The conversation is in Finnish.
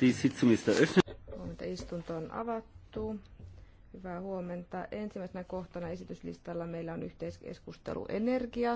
Die Sitzung ist eröffnet. Istunto on avattu. Hyvää huomenta. Ensimmäisenä kohtana esityslistalla meillä on yhteiskeskustelu energiasta.